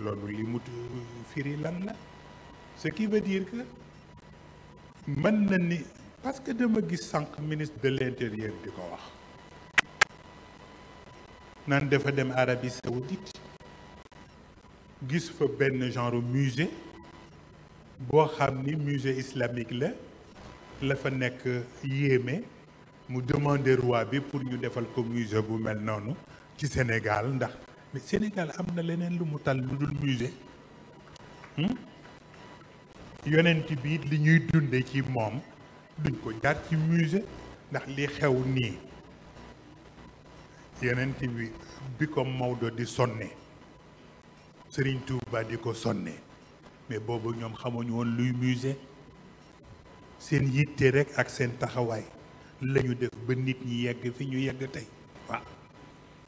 loolu li mu la ce qui veut dire que mën na ni parce que dama gis sànq ministre de l'intérieur di ko wax nan dafa dem Arabie Saoudite gis fa benn genre musée boo xam ni musée islamique la la fa nekk yéeme mu demander roi bi pour ñu defal ko musée bu mel noonu ci Sénégal ndax mais Sénégal am na leneen lu mu tal lu dul musée hmm? yonent bi li ñuy dunde ci moom duñ ko jaar ci musée ndax li xew nii yonent bi bi ko Maodo di sonne sëriñ Touba di ko sonne mais boobu ñoom xamuñu woon luy musée seen yitte rek ak seen taxawaay lañu def ba nit ñi yegg fi ñu yegg tey waaw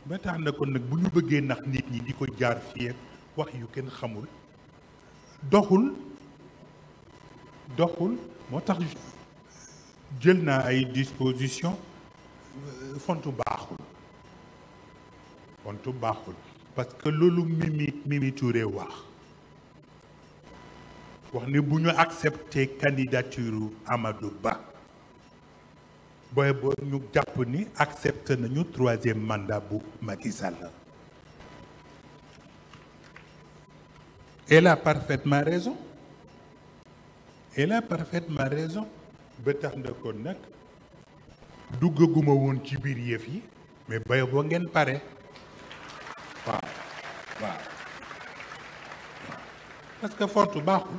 ba tax na kon nag bu ñu bëggee nax nit ñi di ko jaar fii wax yu kenn xamul doxul doxul moo tax jël naa ay disposition euh, font baaxul fontu baaxul parce que loolu Mimi Mimi Touré wax wax ni bu ñu accepté candidature Amadou Ba booy boo ñu jàpp nañu troisième mandat bu Macky Sall elle a parfaitement raison elle tax na duggaguma woon ci biir yëf yi mais bay boo ngeen pare waaw waaw parce que fortu baaxul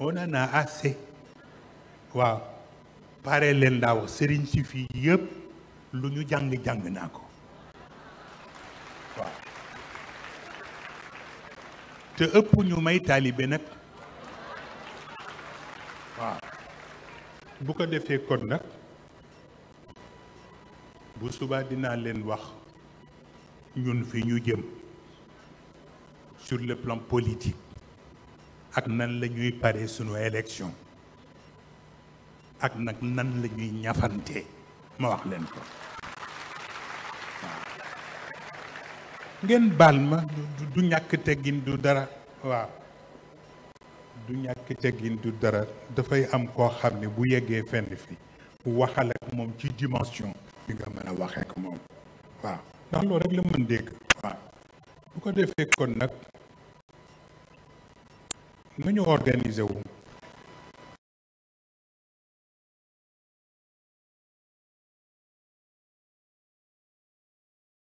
on en a assez waaw pare leen daaw sëriñ si fii yëpp lu ñu jàng jàng naa ko waaw te ëpp ñu may taalibe nag waaw bu ko defee kon nag bu subaa dinaa leen wax ñun fi ñu jëm sur le plan politique ak nan la ñuy pare sunu élection ak nag nan la ñuy ñafantee ma wax leen ko waaw ngeen baal ma du ñàkk teggin du dara waaw du ñàkk teggin du dara dafay am koo xam ne bu yeggee fenn fi waxal ak moom ci dimension bi nga mën a waxee ak moom waaw ndax loolu rek la mën dégg waaw bu ko defee kon nag nañu organiser wu